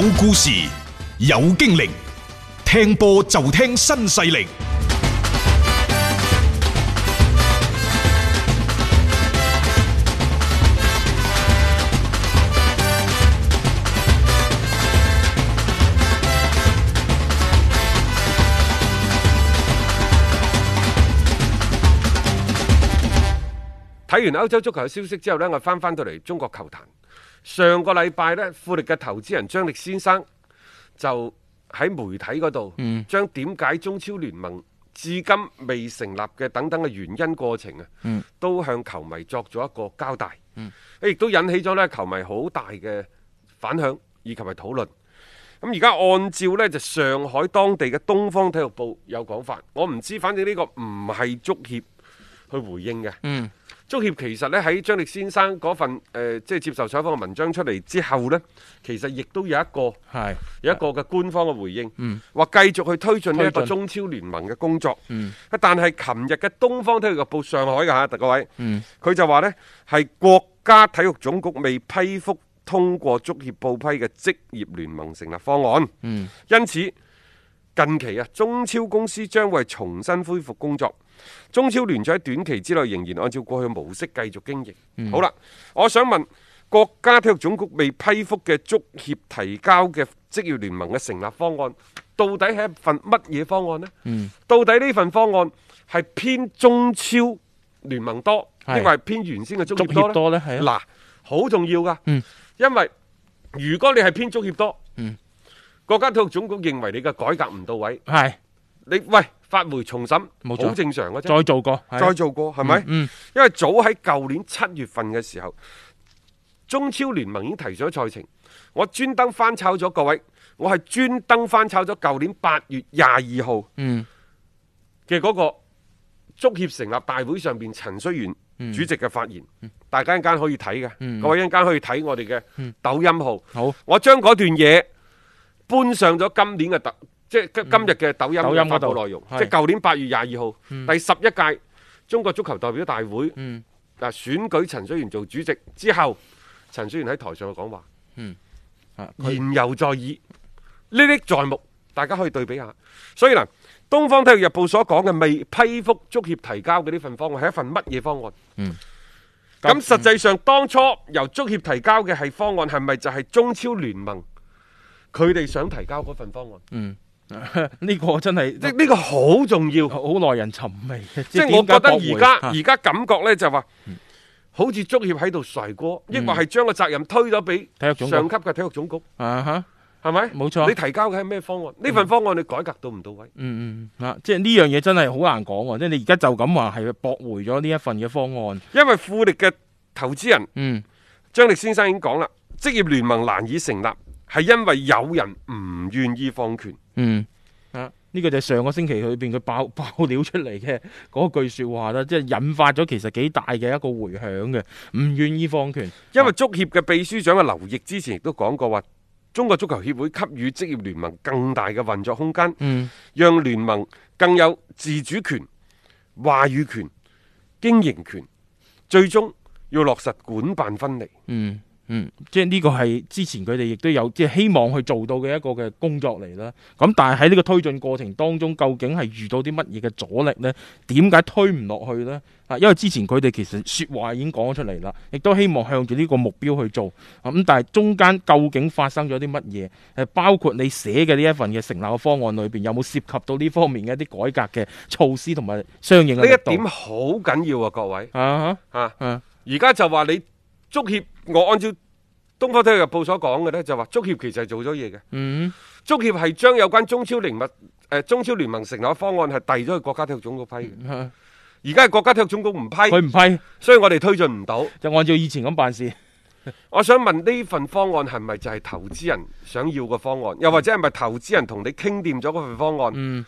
有故事，有經歷，聽波就聽新勢力。睇完歐洲足球消息之後咧，我翻翻到嚟中國球壇。上個禮拜呢，富力嘅投資人張力先生就喺媒體嗰度，將點解中超聯盟至今未成立嘅等等嘅原因過程啊，都向球迷作咗一個交代。亦都引起咗呢球迷好大嘅反響以及係討論。咁而家按照呢就上海當地嘅東方體育部有講法，我唔知道，反正呢個唔係足協去回應嘅。足協其實呢，喺張力先生嗰份誒即係接受採訪嘅文章出嚟之後呢，其實亦都有一個係有一個嘅官方嘅回應，話、嗯、繼續去推進呢個中超聯盟嘅工作。嗯，但係琴日嘅《東方體育報》上海嘅嚇各位，嗯，佢就話呢係國家體育總局未批復通過足協報批嘅職業聯盟成立方案。嗯，因此。近期啊，中超公司將會重新恢復工作。中超聯賽喺短期之內仍然按照過去模式繼續經營。嗯、好啦，我想問國家體育總局未批復嘅足協提交嘅職業聯盟嘅成立方案，到底係一份乜嘢方案呢？嗯、到底呢份方案係偏中超聯盟多，定係偏原先嘅足協多呢？嗱，好重要噶、嗯，因為如果你係偏足協多，嗯。國家體育總局認為你嘅改革唔到位，係你喂發回重審，好正常再做過，是再做過係咪，嗯？嗯，因為早喺舊年七月份嘅時候，嗯嗯、中超聯盟已經提出咗賽程，我專登翻抄咗各位，我係專登翻抄咗舊年八月廿二號嘅嗰個足協成立大會上邊陳戌源主席嘅發言，嗯嗯，大家一間可以睇嘅，嗯，各位一間可以睇我哋嘅抖音號，嗯嗯、好，我將嗰段嘢。搬上咗今年嘅特，即係今日嘅抖音嘅發布內容。嗯、即係舊年八月廿二號，第十一屆中國足球代表大會，嗱、嗯、選舉陳戌源做主席之後，陳戌源喺台上嘅講話，言猶在耳，歷歷在目。大家可以對比下。所以嗱，《東方體育日報所的》所講嘅未批復足協提交嘅呢份方案係一份乜嘢方案？咁、嗯嗯、實際上當初由足協提交嘅係方案，係咪就係中超聯盟？佢哋想提交嗰份方案，嗯，呢、啊，這個真係，即係呢個好重要，好、啊、耐人尋味。即係我覺得而家而家感覺咧就話、係嗯，好似足協喺度甩鍋，抑或係將個責任推咗俾上級嘅體，體育總局。啊哈，係咪？冇錯。你提交嘅係咩方案？呢份方案你改革到唔到位？嗯嗯，啊，即係呢樣嘢真係好難講啊！即係你而家就咁話係駁回咗呢一份嘅方案，因為富力嘅投資人，嗯，張力先生已經講啦，職業聯盟難以成立。係因為有人唔願意放權，嗯啊，呢、這個就是上個星期佢邊佢爆爆料出嚟嘅嗰句說話啦，即、就、係、是、引發咗其實幾大嘅一個回響嘅，唔願意放權。因為足協嘅秘書長嘅劉奕之前亦都講過話、啊，中國足球協會給予職業聯盟更大嘅運作空間，嗯，讓聯盟更有自主權、話語權、經營權，最終要落實管辦分離，嗯。嗯，即係呢個係之前佢哋亦都有即係希望去做到嘅一個嘅工作嚟啦。咁但係喺呢個推進過程當中，究竟係遇到啲乜嘢嘅阻力呢？點解推唔落去呢？啊，因為之前佢哋其實說話已經講咗出嚟啦，亦都希望向住呢個目標去做。咁但係中間究竟發生咗啲乜嘢？誒，包括你寫嘅呢一份嘅成立嘅方案裏邊，有冇涉及到呢方面嘅一啲改革嘅措施同埋相應嘅措施？呢一點好緊要啊，各位啊，啊，而家就話你。足協，我按照《東方體育日報》所講嘅呢，就話足協其實係做咗嘢嘅。嗯，足協係將有關中超聯盟誒，中超聯盟成立嘅方案係遞咗去國家體育總局批嘅。而家係國家體育總局唔批，佢唔批，所以我哋推進唔到。就按照以前咁辦事。 我想問呢份方案係咪就係投資人想要嘅方案？又或者係咪投資人同你傾掂咗嗰份方案？嗯，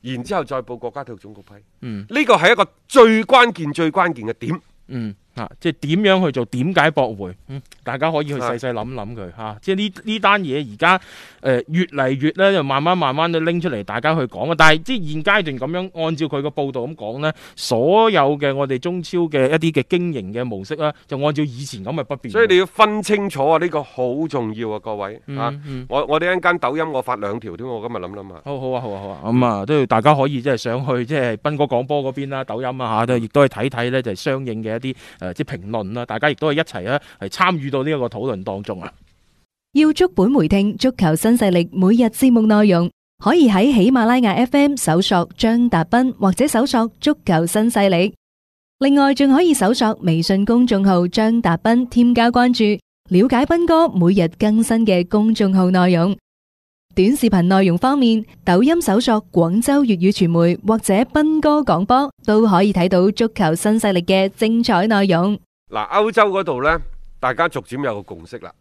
然之後再報國家體育總局批。嗯，呢個係一個最關鍵、最關鍵嘅點。嗯。啊，即係點樣去做？點解駁回？嗯，大家可以去細細諗諗佢吓，即係呢呢單嘢而家誒越嚟越咧，就慢慢慢慢都拎出嚟，大家去講啊。但係即係現階段咁樣，按照佢個報道咁講咧，所有嘅我哋中超嘅一啲嘅經營嘅模式啦，就按照以前咁嘅不變。所以你要分清楚啊，呢個好重要啊，各位、啊嗯嗯、我哋呢間抖音我發兩條添，我今日諗諗啊。好好啊，好啊，好啊。咁、嗯、啊，都要大家可以即係上去，即係斌哥廣播嗰邊啦，抖音啊吓，都亦都去睇睇咧，就係、相應嘅一啲。誒，即評論啦，大家亦都係一齊啊，係參與到呢一個討論當中啊！要足本回聽足球新勢力每日節目內容，可以喺喜馬拉雅 FM 搜索張達斌，或者搜索足球新勢力。另外，仲可以搜索微信公眾號張達斌，添加關注，了解斌哥每日更新嘅公眾號內容。短視頻內容方面，抖音搜索廣州粵語傳媒或者斌哥廣播都可以睇到足球新勢力嘅精彩內容。嗱，歐洲嗰度咧，大家逐漸有個共識啦，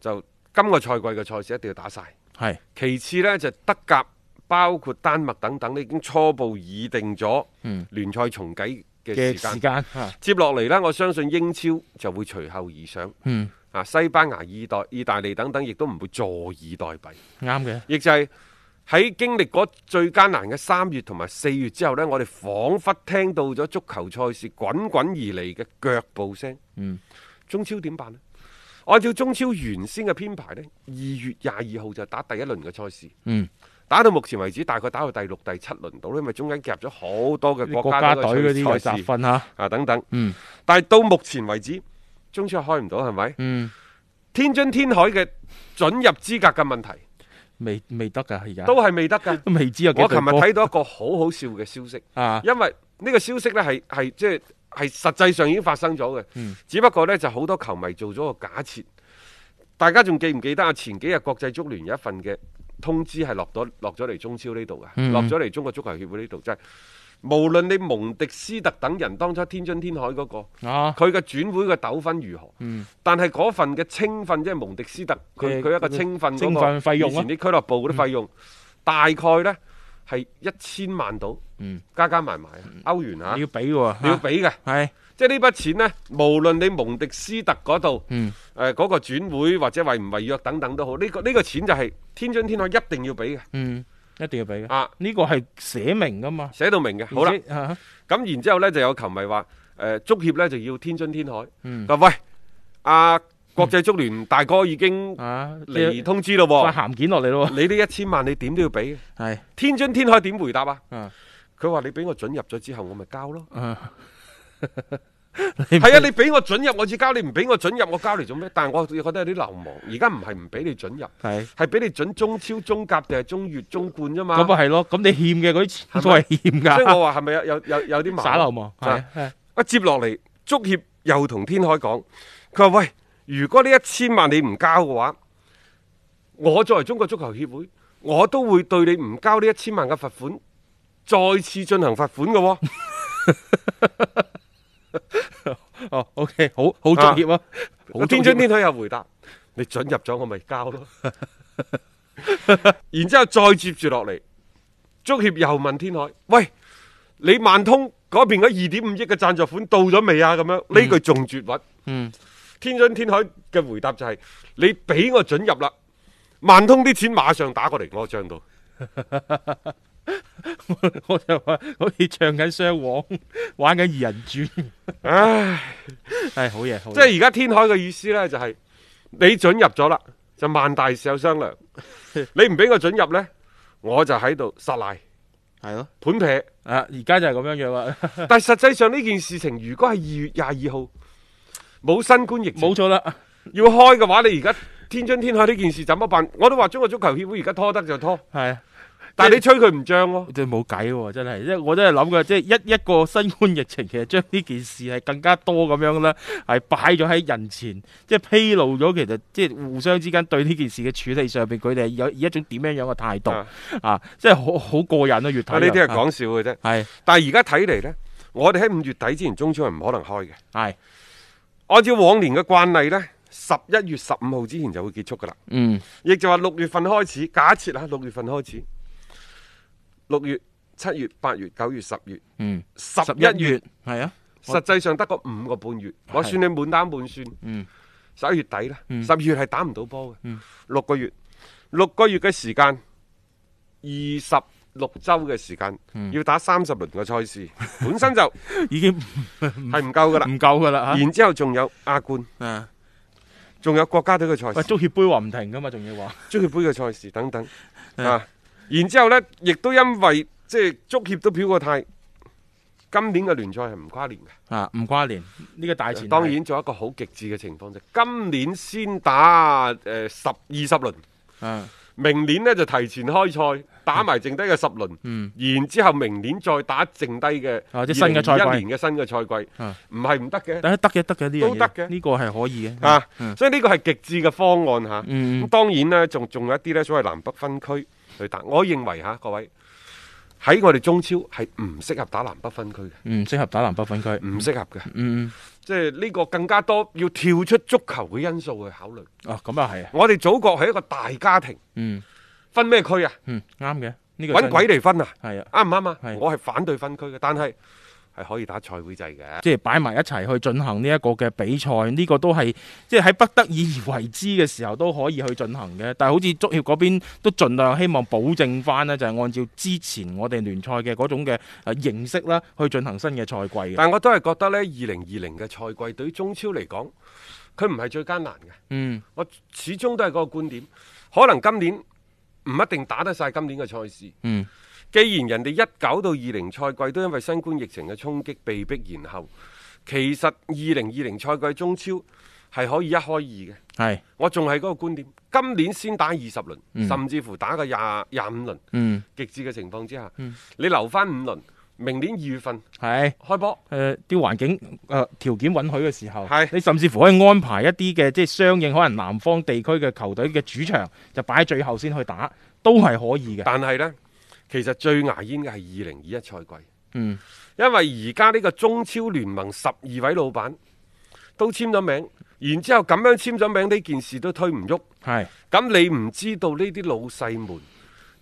就今個賽季嘅賽事一定要打晒。係，其次咧就德甲，包括丹麥等等，已經初步擬定咗聯賽重啟嘅時間。接落嚟呢，我相信英超就會隨後而上。嗯。西班牙、意代、意大利等等，亦都唔會坐以待斃。啱嘅，亦就係、是、喺經歷過最艱難嘅三月同埋四月之後呢，我哋仿佛聽到咗足球賽事滾滾而嚟嘅腳步聲。嗯，中超點辦咧？按照中超原先嘅編排呢，二月廿二號就打第一輪嘅賽事。嗯，打到目前為止，大概打到第六、第七輪到，因為中間夾咗好多嘅國家隊嗰啲賽事啊等等。嗯，但係到目前為止。中超開唔到係咪？嗯，天津天海嘅准入資格嘅問題，未未得噶，而家都係未得噶，都未知有。我琴日睇到一個好好笑嘅消息，啊，因為呢個消息呢係係即係實際上已經發生咗嘅，嗯，只不過呢，就好多球迷做咗個假設，大家仲記唔記得啊？前幾日國際足聯一份嘅通知係落咗落咗嚟中超呢度噶，落咗嚟中國足球協會呢度即係。就是無論你蒙迪斯特等人當初天津天海嗰、嗰個，佢嘅轉會嘅糾紛如何，嗯、但係嗰份嘅青訓，即係蒙迪斯特佢佢、嗯、一個青訓嗰個費用，以前啲俱樂部嗰啲費用、嗯，大概呢係一千萬到、嗯，加加埋埋，歐元俾嘅啊，要俾你要俾嘅，係、啊，即係呢筆錢呢，無論你蒙迪斯特嗰度，嗰、嗯呃嗰個轉會或者違唔違約等等都好，呢、呢個呢、呢個錢就係天津天海一定要俾嘅。嗯一定要俾嘅啊！呢、這個係寫明噶嘛，寫到明嘅。好啦，咁、啊、然之後呢就有球迷話，誒、呃，足協呢就要天津天海。嗯，喂，啊、嗯、國際足聯大哥已經啊嚟通知咯，發函件落嚟咯。你呢一千萬你點都要俾？係、嗯、天津天海點回答啊？佢、啊、話你俾我準入咗之後，我咪交咯。啊 係啊，你俾我准入，我至交你；唔俾我准入，我交嚟做咩？但係我亦覺得有啲流氓。而家唔係唔俾你准入，係係俾你准中超、中甲定係中乙、中冠啫嘛？咁咪係咯？咁你欠嘅嗰啲錢都係欠噶。即係我話係咪有有有啲流氓耍流氓？係啊，一接落嚟，足協又同天海講，佢話喂，如果呢一千萬你唔交嘅話，我作為中國足球協會，我都會對你唔交呢一千萬嘅罰款，再次進行罰款嘅、哦。 哦、oh，OK，好好足協啊，天津天海又回答，你准入咗我咪交咯， 然之後再接住落嚟，足協又問天海，喂，你萬通嗰邊嘅二點五億嘅贊助款到咗未啊？咁樣呢句仲絕核，嗯，天津天海嘅回答就係、是，你俾我准入啦，萬通啲錢馬上打過嚟我賬度。 我就話好似唱緊雙簧，玩緊二人轉，唉，係好嘢，即係而家天海嘅意思呢，就係你准入咗啦，就萬大事有商量， 你唔俾我准入呢，我就喺度殺賴，係咯、啊，盤劈，啊，而家就係咁樣樣啦。 但實際上呢件事情，如果係二月廿二號冇新冠疫情冇錯啦，要開嘅話，你而家天津天海呢件事怎麼辦？我都話中國足球協會而家拖得就拖，係、啊。但係你吹佢唔脹咯，即係冇計喎，真係、啊，即係我真係諗過，即係一一個新冠疫情，其實將呢件事係更加多咁樣啦，係擺咗喺人前，即係披露咗，其實即係互相之間對呢件事嘅處理上邊，佢哋有以一種點樣樣嘅態度啊，即係好好過癮咯、啊。越睇呢啲係講笑嘅啫。係，但係而家睇嚟咧，我哋喺五月底之前，中超係唔可能開嘅。係，按照往年嘅慣例咧，十一月十五號之前就會結束噶啦。嗯，亦就話六月份開始，假設啊，六月份開始。六月、七月、八月、九月、十月、嗯，十一月係啊，實際上得個五個半月，我，我算你滿打滿算、啊，嗯，十一月底啦，十二月係打唔到波嘅，六個月，六個月嘅時間，二十六周嘅時間、嗯，要打三十輪嘅賽事、嗯，本身就 已經係唔夠噶啦，唔夠噶啦，然之後仲有亞冠，嗯、啊，仲有國家隊嘅賽事，足協杯話唔停噶嘛，仲要話足協杯嘅賽事等等，啊。啊然之後咧，亦都因為即係足協都表過態，今年嘅聯賽係唔跨年嘅，啊唔跨年呢、呢個大前提。當然仲有一個好極致嘅情況就今年先打誒、呃、十二十輪，啊、明年呢就提前開賽打埋剩低嘅十輪，嗯嗯、然之後明年再打剩低嘅，啊新嘅賽一年嘅新嘅賽季，唔係唔得嘅，得嘅得嘅，呢樣都得嘅，呢個係可以嘅，啊，所、啊這個、以呢個係極致嘅方案吓，嗯，啊、嗯當然呢，仲仲有一啲呢所謂南北分區。我認為各位喺我哋中超係唔適合打南北分區嘅，嗯，唔適合打南北分區，唔適合嘅。嗯即係呢個更加多要跳出足球嘅因素去考慮。哦，咁啊係啊，是我哋祖國係一個大家庭。嗯，分咩區啊？嗯，啱嘅，呢個搵鬼嚟分啊？係啊，啱唔啱啊？我係反對分區嘅，但係。係可以打賽會制嘅，即係擺埋一齊去進行呢一個嘅比賽，呢個都係即係喺不得已而為之嘅時候都可以去進行嘅。但係好似足協嗰邊都盡量希望保證翻呢就係按照之前我哋聯賽嘅嗰種嘅誒形式啦，去進行新嘅賽季的。但係我都係覺得呢二零二零嘅賽季對於中超嚟講，佢唔係最艱難嘅。嗯，我始終都係嗰個觀點，可能今年唔一定打得晒今年嘅賽事。嗯。既然人哋一九到二零賽季都因為新冠疫情嘅衝擊被迫延後，其實二零二零賽季中超係可以一開二嘅。係，我仲係嗰個觀點，今年先打二十輪，甚至乎打個廿廿五輪，極、嗯、致嘅情況之下，嗯、你留翻五輪，明年二月份係開波。誒、呃，啲環境誒條、呃、件允許嘅時候，係你甚至乎可以安排一啲嘅即係相應可能南方地區嘅球隊嘅主場就擺喺最後先去打，都係可以嘅。但係咧。其實最牙煙嘅係二零二一賽季，嗯，因為而家呢個中超聯盟十二位老闆都簽咗名，然之後咁樣簽咗名呢件事都推唔喐，係，咁你唔知道呢啲老細們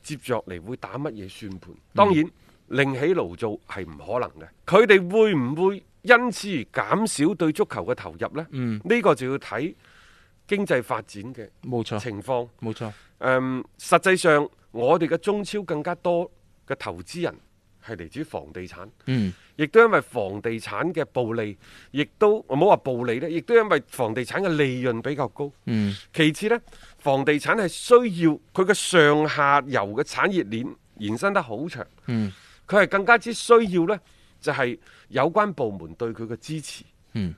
接着嚟會打乜嘢算盤？當然另起爐灶係唔可能嘅，佢哋會唔會因此而減少對足球嘅投入呢？嗯，呢個就要睇經濟發展嘅，冇錯，情況冇錯，誒，實際上。我哋嘅中超更加多嘅投資人係嚟自房地產，嗯，亦都因為房地產嘅暴利，亦都我冇話暴利咧，亦都因為房地產嘅利潤比較高，嗯。其次咧，房地產係需要佢嘅上下游嘅產業鏈延伸得好長，嗯。佢係更加之需要咧，就係有關部門對佢嘅支持，嗯。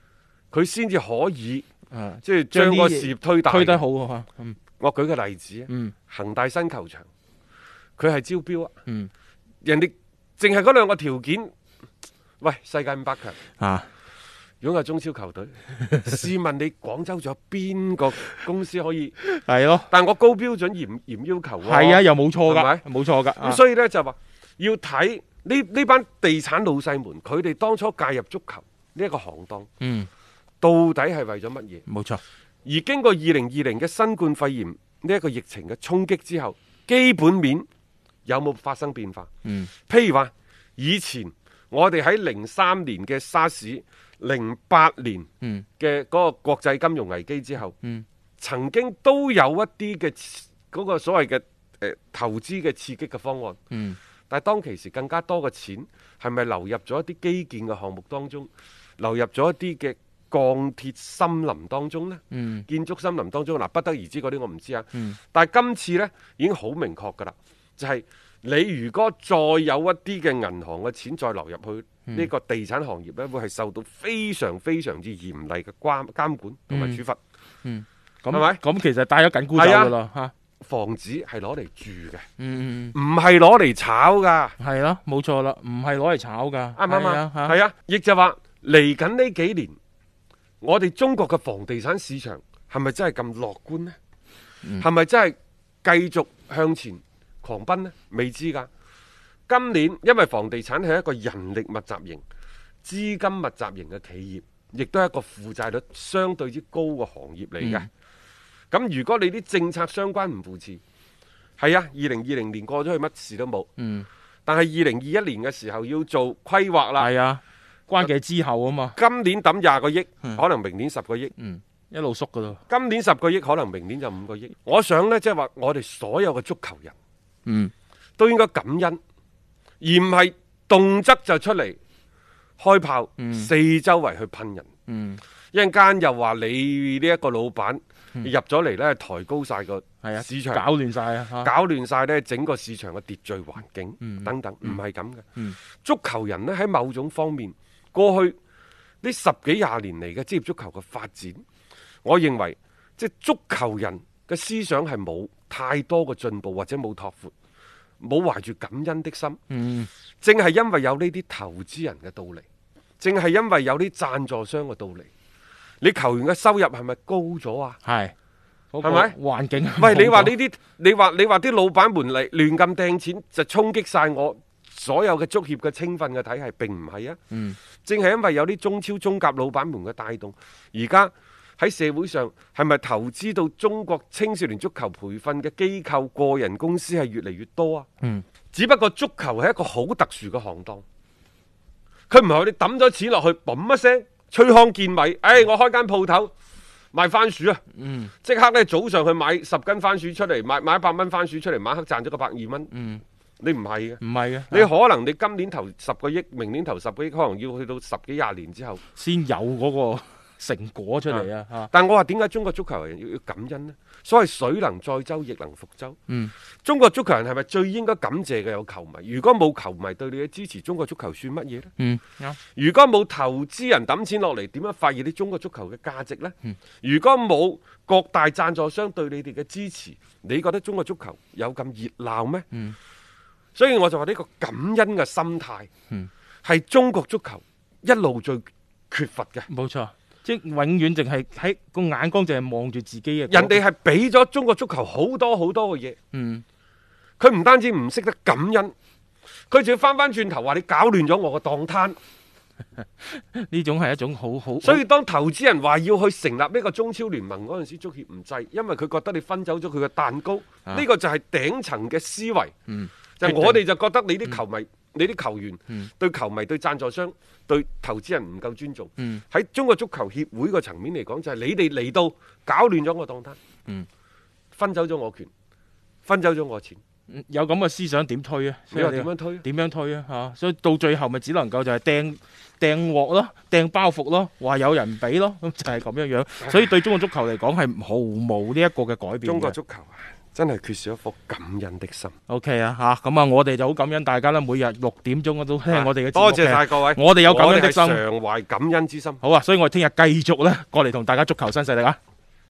佢先至可以啊，即係將個事業推大推得好吓，嗯。我舉個例子，嗯，恒大新球場。佢係招標啊，嗯，人哋淨係嗰兩個條件，喂，世界五百強啊，如果有中超球隊，試 問你廣州仲有邊個公司可以？係 咯，但我高標準嚴嚴要求啊，係啊，又冇錯噶，係咪？冇錯噶，咁、啊、所以咧就係話要睇呢呢班地產老細們，佢哋當初介入足球呢一個行當，嗯，到底係為咗乜嘢？冇錯。而經過二零二零嘅新冠肺炎呢一、這個疫情嘅衝擊之後，基本面。有冇發生變化？嗯，譬如話以前我哋喺零三年嘅沙士、零八年嘅嗰個國際金融危機之後，嗯，曾經都有一啲嘅嗰個所謂嘅誒投資嘅刺激嘅方案。嗯，但係當其時更加多嘅錢係咪流入咗一啲基建嘅項目當中，流入咗一啲嘅鋼鐵森林當中呢？嗯，建築森林當中嗱，不得而知嗰啲我唔知啊。嗯，但係今次呢，已經好明確噶啦。就係、是、你如果再有一啲嘅銀行嘅錢再流入去呢個地產行業咧，會係受到非常非常之嚴厲嘅關監管同埋處罰。嗯，咁係咪？咁其實帶咗緊箍咒噶啦。房子係攞嚟住嘅，唔係攞嚟炒噶。係啦，冇錯啦，唔係攞嚟炒噶。啱唔啱啊？係啊。亦就話嚟緊呢幾年，我哋中國嘅房地產市場係咪真係咁樂觀呢？係、嗯、咪真係繼續向前？狂奔呢？未知㗎。今年因為房地產係一個人力密集型、資金密集型嘅企業，亦都係一個負債率相對之高嘅行業嚟嘅。咁、嗯、如果你啲政策相關唔扶持，係啊，二零二零年過咗去乜事都冇。嗯。但係二零二一年嘅時候要做規劃啦。係啊，關鍵之後啊嘛。今年揼廿個億，可能明年十個億、嗯，一路縮嘅咯。今年十個億，可能明年就五個億。我想呢，即係話我哋所有嘅足球人。嗯，都應該感恩，而唔係動輒就出嚟開炮，嗯、四周圍去噴人。嗯，一陣間又話你呢一個老闆入咗嚟呢，抬高晒個市場，啊、搞亂晒、啊、搞亂晒呢整個市場嘅秩序環境，等等，唔係咁嘅。足球人呢喺某種方面，過去呢十幾廿年嚟嘅職業足球嘅發展，我認為即係足球人嘅思想係冇太多嘅進步或者冇託付，冇懷住感恩的心，嗯，正係因為有呢啲投資人嘅到嚟，正係因為有啲贊助商嘅到嚟。你球員嘅收入係咪高咗啊？係，係咪環境？喂，你話呢啲，你話你話啲老闆們嚟亂咁掟錢就衝擊晒我所有嘅足協嘅青訓嘅體系，並唔係啊，嗯，正係因為有啲中超中甲老闆們嘅帶動，而家。喺社會上係咪投資到中國青少年足球培訓嘅機構、個人公司係越嚟越多啊？嗯，只不過足球係一個好特殊嘅行當，佢唔係我抌咗錢落去，嘣一聲吹康健米吹糠見米。誒、哎，我開間鋪頭賣番薯啊！嗯，即刻呢，早上去買十斤番薯出嚟，買買一百蚊番薯出嚟，晚黑賺咗個百二蚊。嗯，你唔係嘅，你唔係嘅，唔係嘅，你可能你今年投十個億，明年投十個億，可能要去到十幾廿年之後先有嗰、那個，成果出嚟啊！但我話點解中國足球人要要感恩呢？所謂水能載舟，亦能覆舟。嗯，中國足球人係咪最應該感謝嘅有球迷？如果冇球迷對你嘅支持，中國足球算乜嘢呢？嗯，如果冇投資人抌錢落嚟，點樣發現啲中國足球嘅價值呢？嗯，如果冇各大贊助商對你哋嘅支持，你覺得中國足球有咁熱鬧咩？嗯，所以我就話呢個感恩嘅心態，嗯，係中國足球一路最缺乏嘅。冇錯。即永遠淨係喺個眼光，淨係望住自己嘅。人哋係俾咗中國足球好多好多嘅嘢。嗯，佢唔單止唔識得感恩，佢仲要翻翻轉頭話你搞亂咗我個檔攤。呢種係一種好，好好。所以當投資人話要去成立呢個中超聯盟嗰陣時候，足協唔制，因為佢覺得你分走咗佢嘅蛋糕。呢、啊呢個就係頂層嘅思維。嗯，就係、我哋就覺得你啲球迷。嗯你啲球員對球迷、對贊助商、對投資人唔夠尊重，喺中國足球協會個層面嚟講，就係、是、你哋嚟到搞亂咗我當單，分走咗我權，分走咗我錢，嗯、有咁嘅思想點推啊？你話點樣推？點樣推啊？嚇！所以到最後咪只能夠就係掟掟鑊咯，掟包袱咯，話有人俾咯，就係咁樣樣。所以對中國足球嚟講係毫無呢一個嘅改變。中國足球真係缺少一顆感恩的心。OK 啊，吓咁啊，我哋就好感恩大家啦。每日六點鐘都聽我哋嘅，多謝晒各位，我哋有感恩的心，常懷感恩之心。好啊，所以我哋聽日繼續咧，過嚟同大家足球新勢力啊。